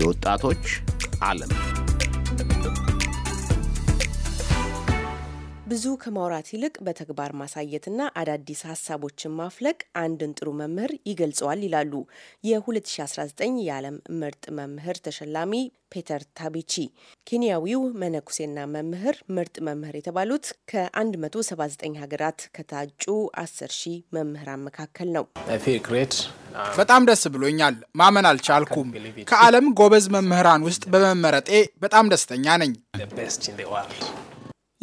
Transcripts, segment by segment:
የወጣቶች ዓለም ብዙ ከማውራት ይልቅ በተግባር ማሳየትና አዳዲስ ሀሳቦችን ማፍለቅ አንድን ጥሩ መምህር ይገልጸዋል ይላሉ የ2019 የዓለም ምርጥ መምህር ተሸላሚ ፔተር ታቢቺ። ኬንያዊው መነኩሴና መምህር ምርጥ መምህር የተባሉት ከ179 ሀገራት ከታጩ 10 ሺህ መምህራን መካከል ነው። በጣም ደስ ብሎኛል። ማመን አልቻልኩም። ከዓለም ጎበዝ መምህራን ውስጥ በመመረጤ በጣም ደስተኛ ነኝ።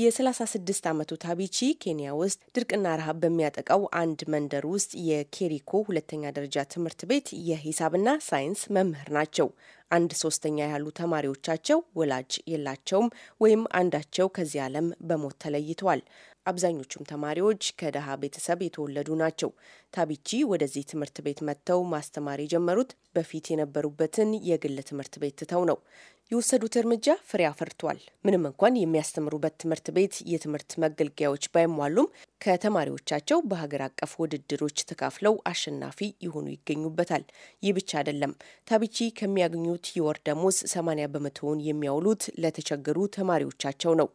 የ36 ዓመቱ ታቢቺ ኬንያ ውስጥ ድርቅና ረሃብ በሚያጠቃው አንድ መንደር ውስጥ የኬሪኮ ሁለተኛ ደረጃ ትምህርት ቤት የሂሳብና ሳይንስ መምህር ናቸው። አንድ ሶስተኛ ያሉ ተማሪዎቻቸው ወላጅ የላቸውም ወይም አንዳቸው ከዚህ ዓለም በሞት ተለይተዋል። አብዛኞቹም ተማሪዎች ከደሃ ቤተሰብ የተወለዱ ናቸው። ታቢቺ ወደዚህ ትምህርት ቤት መጥተው ማስተማር የጀመሩት በፊት የነበሩበትን የግል ትምህርት ቤት ትተው ነው። የወሰዱት እርምጃ ፍሬ አፈርቷል። ምንም እንኳን የሚያስተምሩበት ትምህርት ቤት የትምህርት መገልገያዎች ባይሟሉም ከተማሪዎቻቸው በሀገር አቀፍ ውድድሮች ተካፍለው አሸናፊ የሆኑ ይገኙበታል። ይህ ብቻ አይደለም። ታቢቺ ከሚያገኙት የወር ደሞዝ 80 በመቶውን የሚያውሉት ለተቸገሩ ተማሪዎቻቸው ነው።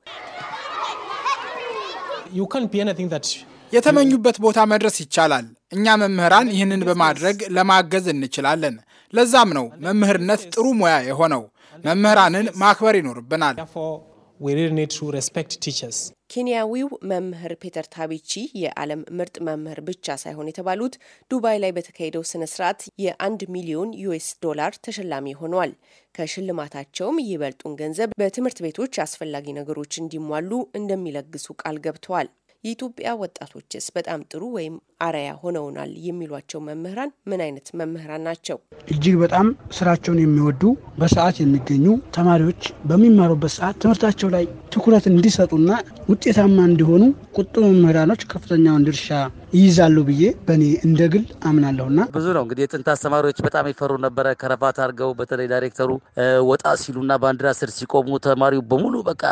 የተመኙበት ቦታ መድረስ ይቻላል። እኛ መምህራን ይህንን በማድረግ ለማገዝ እንችላለን። ለዛም ነው መምህርነት ጥሩ ሙያ የሆነው። መምህራንን ማክበር ይኖርብናል። ኬንያዊው መምህር ፔተር ታቢቺ የዓለም ምርጥ መምህር ብቻ ሳይሆን የተባሉት ዱባይ ላይ በተካሄደው ስነ ስርዓት የአንድ ሚሊዮን ዩኤስ ዶላር ተሸላሚ ሆኗል። ከሽልማታቸውም ይበልጡን ገንዘብ በትምህርት ቤቶች አስፈላጊ ነገሮች እንዲሟሉ እንደሚለግሱ ቃል ገብተዋል። የኢትዮጵያ ወጣቶችስ በጣም ጥሩ ወይም አርአያ ሆነውናል የሚሏቸው መምህራን ምን አይነት መምህራን ናቸው? እጅግ በጣም ስራቸውን የሚወዱ በሰዓት የሚገኙ ተማሪዎች በሚማሩበት ሰዓት ትምህርታቸው ላይ ትኩረት እንዲሰጡና ውጤታማ እንዲሆኑ ቁጡ መምህራኖች ከፍተኛውን ድርሻ ይይዛሉ ብዬ በእኔ እንደ ግል አምናለሁና ብዙ ነው እንግዲህ የጥንት አስተማሪዎች በጣም ይፈሩ ነበረ። ከረባት አድርገው በተለይ ዳይሬክተሩ ወጣ ሲሉና ባንዲራ ስር ሲቆሙ ተማሪው በሙሉ በቃ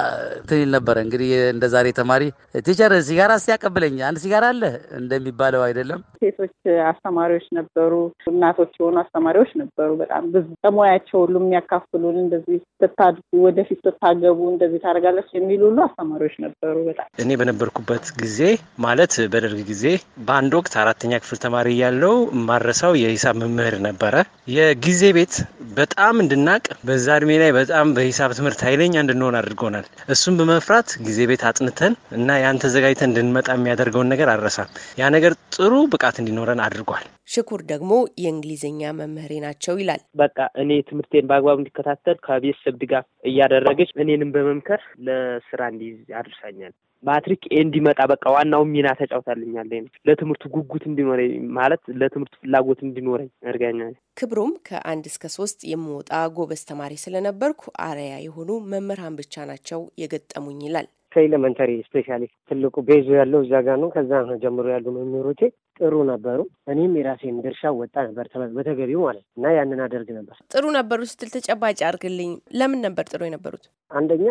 ትል ነበረ። እንግዲህ እንደ ዛሬ ተማሪ ቲቸር ሲጋራ ሲያቀብለኝ አንድ ሲጋራ አለ እንደሚባለው አይደለም። ሴቶች አስተማሪዎች ነበሩ፣ እናቶች የሆኑ አስተማሪዎች ነበሩ። በጣም ብዙ ከሙያቸው ሁሉ የሚያካፍሉን እንደዚህ ስታድጉ ወደፊት ስታገቡ እንደዚህ ታደርጋለች የሚሉ ሁሉ አስተማሪዎች ነበሩ። በጣም እኔ በነበርኩበት ጊዜ ማለት በደርግ ጊዜ በአንድ ወቅት አራተኛ ክፍል ተማሪ ያለው ማረሳው የሂሳብ መምህር ነበረ። የጊዜ ቤት በጣም እንድናቅ በዛ እድሜ ላይ በጣም በሂሳብ ትምህርት ኃይለኛ እንድንሆን አድርጎናል። እሱም በመፍራት ጊዜ ቤት አጥንተን እና ያን ተዘጋጅተን እንድንመጣ የሚያደርገውን ነገር አልረሳም። ያ ነገር ጥሩ ብቃት እንዲኖረን አድርጓል። ሽኩር ደግሞ የእንግሊዝኛ መምህሬ ናቸው ይላል። በቃ እኔ ትምህርቴን በአግባቡ እንዲከታተል ከቤተሰብ ድጋፍ እያደረገች እኔንም በመምከር ለስራ እንዲይዝ አድርሳኛል። ማትሪክ እንዲመጣ በቃ ዋናው ሚና ተጫውታልኛለ። ለትምህርቱ ጉጉት እንዲኖረኝ ማለት ለትምህርቱ ፍላጎት እንዲኖረኝ እርጋኛ። ክብሩም ከአንድ እስከ ሶስት የምወጣ ጎበዝ ተማሪ ስለነበርኩ አርያ የሆኑ መምህራን ብቻ ናቸው የገጠሙኝ ይላል። ከኤሌመንተሪ ስፔሻሊ ትልቁ ቤዙ ያለው እዛ ጋ ነው። ከዛ ጀምሮ ያሉ መምህሮቼ ጥሩ ነበሩ። እኔም የራሴን ድርሻ ወጣ ነበር በተገቢው ማለት እና ያንን አደርግ ነበር። ጥሩ ነበሩ ስትል ተጨባጭ አድርግልኝ። ለምን ነበር ጥሩ የነበሩት? አንደኛ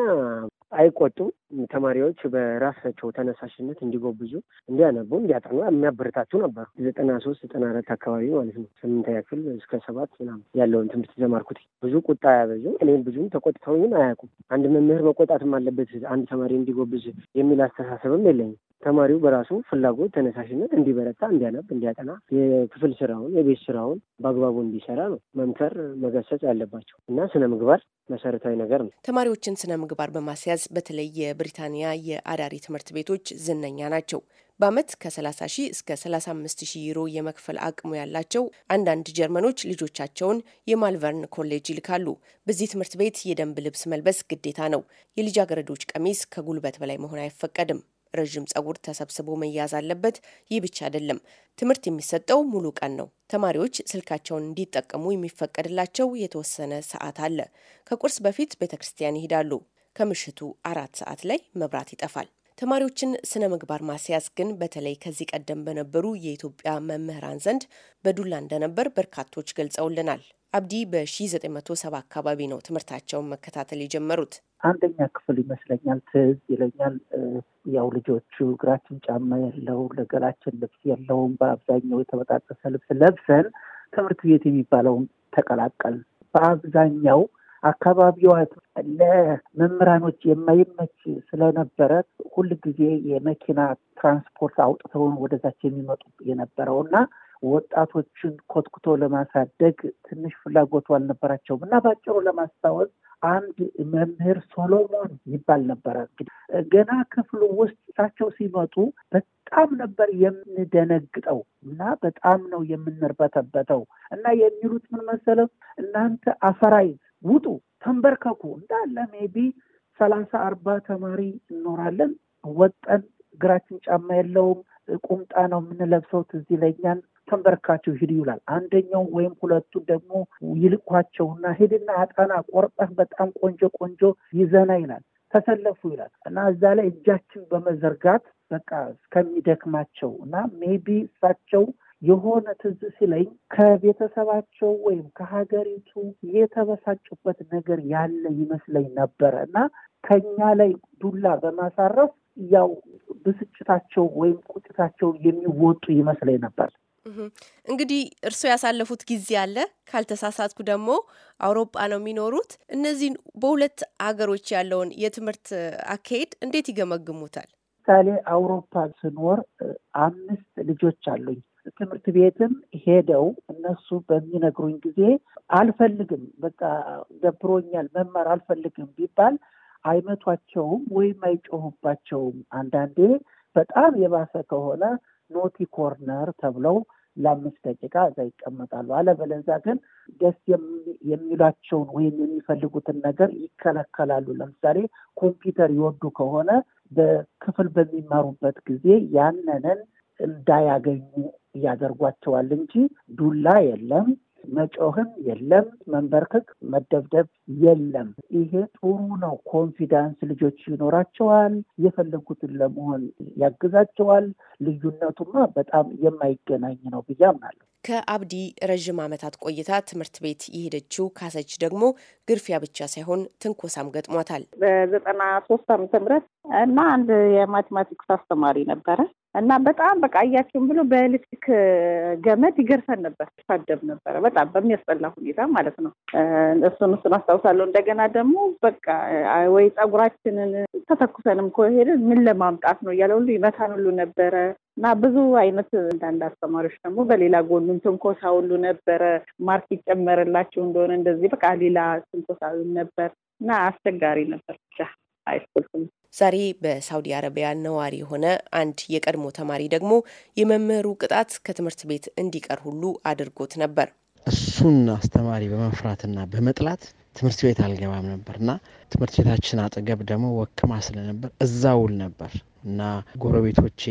አይቆጡም፣ ተማሪዎች በራሳቸው ተነሳሽነት እንዲጎብዙ፣ እንዲያነቡ፣ እንዲያጠኑ የሚያበረታቱ ነበሩ። ዘጠና ሶስት ዘጠና አራት አካባቢ ማለት ነው። ስምንተኛ ክፍል እስከ ሰባት ምናምን ያለውን ትምህርት ተማርኩት። ብዙ ቁጣ ያበዙ እኔም ብዙም ተቆጥተውኝም አያውቁም። አንድ መምህር መቆጣትም አለበት አንድ ተማሪ እንዲጎብዝ የሚል አስተሳሰብም የለኝም። ተማሪው በራሱ ፍላጎት፣ ተነሳሽነት እንዲበረታ፣ እንዲያነብ፣ እንዲያጠና የክፍል ስራውን የቤት ስራውን በአግባቡ እንዲሰራ ነው መምከር መገሰጽ ያለባቸው እና ስነ ምግባር መሰረታዊ ነገር ነው። ተማሪዎችን ስነ ምግባር በማስያዝ በተለይ የብሪታንያ የአዳሪ ትምህርት ቤቶች ዝነኛ ናቸው። በአመት ከ30 ሺህ እስከ 35 ሺህ ዩሮ የመክፈል አቅሙ ያላቸው አንዳንድ ጀርመኖች ልጆቻቸውን የማልቨርን ኮሌጅ ይልካሉ። በዚህ ትምህርት ቤት የደንብ ልብስ መልበስ ግዴታ ነው። የልጃገረዶች ቀሚስ ከጉልበት በላይ መሆን አይፈቀድም። ረዥም ጸጉር ተሰብስቦ መያዝ አለበት። ይህ ብቻ አይደለም፣ ትምህርት የሚሰጠው ሙሉ ቀን ነው። ተማሪዎች ስልካቸውን እንዲጠቀሙ የሚፈቀድላቸው የተወሰነ ሰዓት አለ። ከቁርስ በፊት ቤተ ክርስቲያን ይሄዳሉ። ከምሽቱ አራት ሰዓት ላይ መብራት ይጠፋል። ተማሪዎችን ስነ ምግባር ማስያዝ ግን በተለይ ከዚህ ቀደም በነበሩ የኢትዮጵያ መምህራን ዘንድ በዱላ እንደነበር በርካቶች ገልጸውልናል። አብዲ በ1970 አካባቢ ነው ትምህርታቸውን መከታተል የጀመሩት። አንደኛ ክፍል ይመስለኛል ትዝ ይለኛል። ያው ልጆቹ እግራችን ጫማ የለው፣ ለገላችን ልብስ የለውም። በአብዛኛው የተበጣጠሰ ልብስ ለብሰን ትምህርት ቤት የሚባለውን ተቀላቀል። በአብዛኛው አካባቢዋ ለመምህራኖች የማይመች ስለነበረ ሁል ጊዜ የመኪና ትራንስፖርት አውጥተውን ወደዛች የሚመጡ የነበረው እና ወጣቶችን ኮትኩቶ ለማሳደግ ትንሽ ፍላጎቱ አልነበራቸውም እና በአጭሩ ለማስታወስ አንድ መምህር ሶሎሞን ይባል ነበረ። ገና ክፍሉ ውስጥ እሳቸው ሲመጡ በጣም ነበር የምንደነግጠው እና በጣም ነው የምንርበተበተው እና የሚሉት ምን መሰለው እናንተ አፈራይ ውጡ፣ ተንበርከኩ እንዳለ ሜቢ ሰላሳ አርባ ተማሪ እንኖራለን። ወጠን እግራችን ጫማ የለውም ቁምጣ ነው የምንለብሰው። ትዝ ይለኛል። ተንበርካቸው ሂድ ይውላል። አንደኛው ወይም ሁለቱ ደግሞ ይልኳቸውና ሂድና አጣና ቆርጠህ በጣም ቆንጆ ቆንጆ ይዘና ይላል። ተሰለፉ ይላል እና እዛ ላይ እጃችን በመዘርጋት በቃ እስከሚደክማቸው እና ሜቢ እሳቸው የሆነ ትዝ ሲለኝ ከቤተሰባቸው ወይም ከሀገሪቱ የተበሳጩበት ነገር ያለ ይመስለኝ ነበረ እና ከኛ ላይ ዱላ በማሳረፍ ያው ብስጭታቸው ወይም ቁጭታቸው የሚወጡ ይመስለኝ ነበር። እንግዲህ እርስዎ ያሳለፉት ጊዜ አለ። ካልተሳሳትኩ ደግሞ አውሮፓ ነው የሚኖሩት። እነዚህን በሁለት አገሮች ያለውን የትምህርት አካሄድ እንዴት ይገመግሙታል? ምሳሌ አውሮፓ ስኖር አምስት ልጆች አሉኝ። ትምህርት ቤትም ሄደው እነሱ በሚነግሩኝ ጊዜ አልፈልግም፣ በቃ ደብሮኛል፣ መማር አልፈልግም ቢባል አይመቷቸውም ወይም አይጮሁባቸውም። አንዳንዴ በጣም የባሰ ከሆነ ኖቲ ኮርነር ተብለው ለአምስት ደቂቃ እዛ ይቀመጣሉ። አለበለዚያ ግን ደስ የሚሏቸውን ወይም የሚፈልጉትን ነገር ይከለከላሉ። ለምሳሌ ኮምፒውተር ይወዱ ከሆነ በክፍል በሚማሩበት ጊዜ ያንንን እንዳያገኙ ያደርጓቸዋል እንጂ ዱላ የለም፣ መጮህም የለም፣ መንበርከክ፣ መደብደብ የለም። ይሄ ጥሩ ነው። ኮንፊዳንስ ልጆች ይኖራቸዋል። የፈለጉትን ለመሆን ያግዛቸዋል። ልዩነቱማ በጣም የማይገናኝ ነው ብዬ አምናለሁ። ከአብዲ ረዥም ዓመታት ቆይታ ትምህርት ቤት የሄደችው ካሰች ደግሞ ግርፊያ ብቻ ሳይሆን ትንኮሳም ገጥሟታል። በዘጠና ሶስት ዓመተ ምህረት እና አንድ የማቴማቲክስ አስተማሪ ነበረ እና በጣም በቃ እያቸውን ብሎ በኤሌክትሪክ ገመድ ይገርፈን ነበር፣ ይሳደብ ነበረ በጣም በሚያስጠላ ሁኔታ ማለት ነው። እሱን እሱን አስታውሳለሁ። እንደገና ደግሞ በቃ ወይ ጸጉራችንን ተተኩሰንም ከሄድን ምን ለማምጣት ነው እያለ ሁሉ ይመታን ሁሉ ነበረ እና ብዙ አይነት አንዳንድ አስተማሪዎች ደግሞ በሌላ ጎኑን ትንኮሳ ሁሉ ነበረ። ማርክ ይጨመርላቸው እንደሆነ እንደዚህ በቃ ሌላ ትንኮሳ ነበር እና አስቸጋሪ ነበር ብቻ ሃይስኩል ዛሬ በሳውዲ አረቢያ ነዋሪ የሆነ አንድ የቀድሞ ተማሪ ደግሞ የመምህሩ ቅጣት ከትምህርት ቤት እንዲቀር ሁሉ አድርጎት ነበር። እሱን አስተማሪ በመፍራትና በመጥላት ትምህርት ቤት አልገባም ነበር እና ትምህርት ቤታችን አጠገብ ደግሞ ወክማ ስለነበር እዛ ውል ነበር እና ጎረቤቶቼ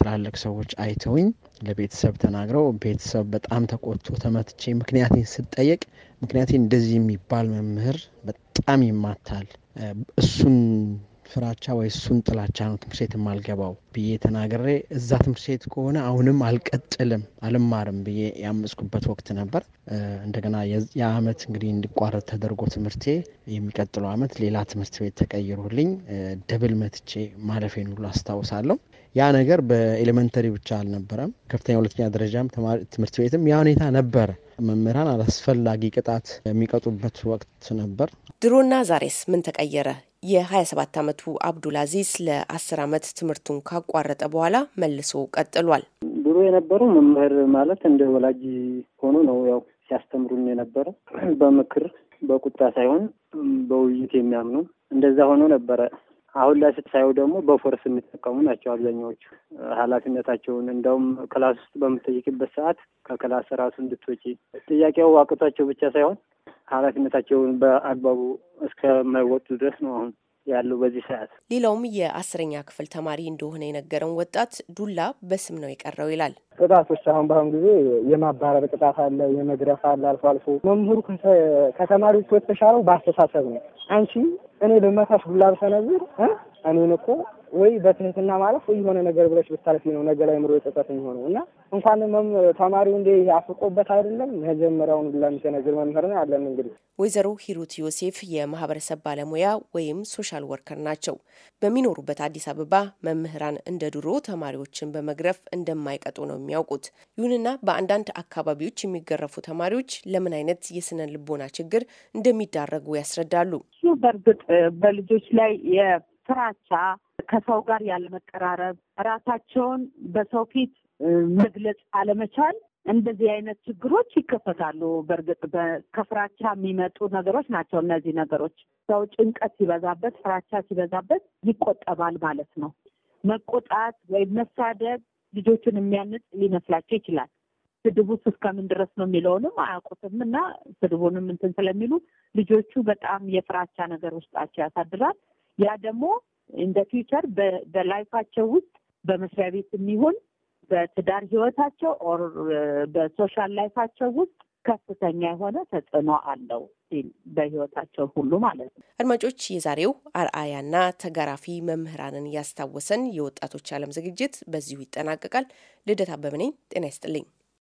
ትላልቅ ሰዎች አይተውኝ ለቤተሰብ ተናግረው ቤተሰብ በጣም ተቆጥቶ ተመትቼ ምክንያቴን ስጠየቅ ምክንያቴን እንደዚህ የሚባል መምህር በጣም ይማታል፣ እሱን ፍራቻ ወይ እሱን ጥላቻ ነው ትምህርት ቤት የማልገባው ብዬ ተናግሬ እዛ ትምህርት ቤት ከሆነ አሁንም አልቀጥልም አልማርም ብዬ ያመፅኩበት ወቅት ነበር። እንደገና የአመት እንግዲህ እንዲቋረጥ ተደርጎ ትምህርቴ የሚቀጥለው አመት ሌላ ትምህርት ቤት ተቀይሮልኝ ደብል መትቼ ማለፌን ሁሉ አስታውሳለሁ። ያ ነገር በኤሌመንተሪ ብቻ አልነበረም፣ ከፍተኛ ሁለተኛ ደረጃም ትምህርት ቤትም ያ ሁኔታ ነበረ። መምህራን አላስፈላጊ ቅጣት የሚቀጡበት ወቅት ነበር። ድሮና ዛሬስ ምን ተቀየረ? የ27 ዓመቱ አብዱል አዚዝ ለ10 ዓመት ትምህርቱን ካቋረጠ በኋላ መልሶ ቀጥሏል። ድሮ የነበረው መምህር ማለት እንደ ወላጅ ሆኖ ነው ያው ሲያስተምሩን የነበረ በምክር በቁጣ ሳይሆን በውይይት የሚያምኑ እንደዛ ሆኖ ነበረ። አሁን ላይ ስታየው ደግሞ በፎርስ የሚጠቀሙ ናቸው አብዛኛዎቹ ኃላፊነታቸውን እንደውም ክላስ ውስጥ በምጠይቅበት ሰዓት ከክላስ ራሱ እንድትወጪ ጥያቄው አቅቷቸው ብቻ ሳይሆን ኃላፊነታቸውን በአግባቡ እስከማይወጡ ድረስ ነው አሁን ያለው በዚህ ሰዓት። ሌላውም የአስረኛ ክፍል ተማሪ እንደሆነ የነገረውን ወጣት ዱላ በስም ነው የቀረው ይላል። ቅጣቶች አሁን በአሁኑ ጊዜ የማባረር ቅጣት አለ፣ የመግረፍ አለ። አልፎ አልፎ መምህሩ ከተማሪዎች የተሻለው በአስተሳሰብ ነው። አንቺ እኔ ልመታሽ ዱላ ብሰነዝር እኔን እኮ ወይ በትህትና ማለፍ ወይ የሆነ ነገር ብለሽ ብታልፊ ነው ነገ ላይ ምሮ የጸጸት የሚሆነው እና እንኳን ተማሪው እንደ አፍቆበት አይደለም መጀመሪያውን ለሚሰነዝር መምህር ነው ያለን። እንግዲህ ወይዘሮ ሂሩት ዮሴፍ የማህበረሰብ ባለሙያ ወይም ሶሻል ወርከር ናቸው። በሚኖሩበት አዲስ አበባ መምህራን እንደ ድሮ ተማሪዎችን በመግረፍ እንደማይቀጡ ነው የሚያውቁት። ይሁንና በአንዳንድ አካባቢዎች የሚገረፉ ተማሪዎች ለምን አይነት የስነ ልቦና ችግር እንደሚዳረጉ ያስረዳሉ። እሱ በእርግጥ በልጆች ላይ የፍራቻ፣ ከሰው ጋር ያለመቀራረብ፣ ራሳቸውን በሰው ፊት መግለጽ አለመቻል እንደዚህ አይነት ችግሮች ይከፈታሉ። በእርግጥ ከፍራቻ የሚመጡ ነገሮች ናቸው። እነዚህ ነገሮች ሰው ጭንቀት ሲበዛበት፣ ፍራቻ ሲበዛበት ይቆጠባል ማለት ነው። መቆጣት ወይም መሳደብ ልጆቹን የሚያንጽ ሊመስላቸው ይችላል። ስድቡስ እስከምን ድረስ ነው የሚለውንም አያውቁትም እና ስድቡንም እንትን ስለሚሉ ልጆቹ በጣም የፍራቻ ነገር ውስጣቸው ያሳድራል። ያ ደግሞ እንደ ፊውቸር በላይፋቸው ውስጥ በመስሪያ ቤት የሚሆን በትዳር ህይወታቸው ኦር በሶሻል ላይፋቸው ውስጥ ከፍተኛ የሆነ ተጽዕኖ አለው ሲል በህይወታቸው ሁሉ ማለት ነው። አድማጮች፣ የዛሬው አርአያና ተጋራፊ መምህራንን ያስታወሰን የወጣቶች ዓለም ዝግጅት በዚሁ ይጠናቀቃል። ልደት አበበ ነኝ። ጤና ይስጥልኝ።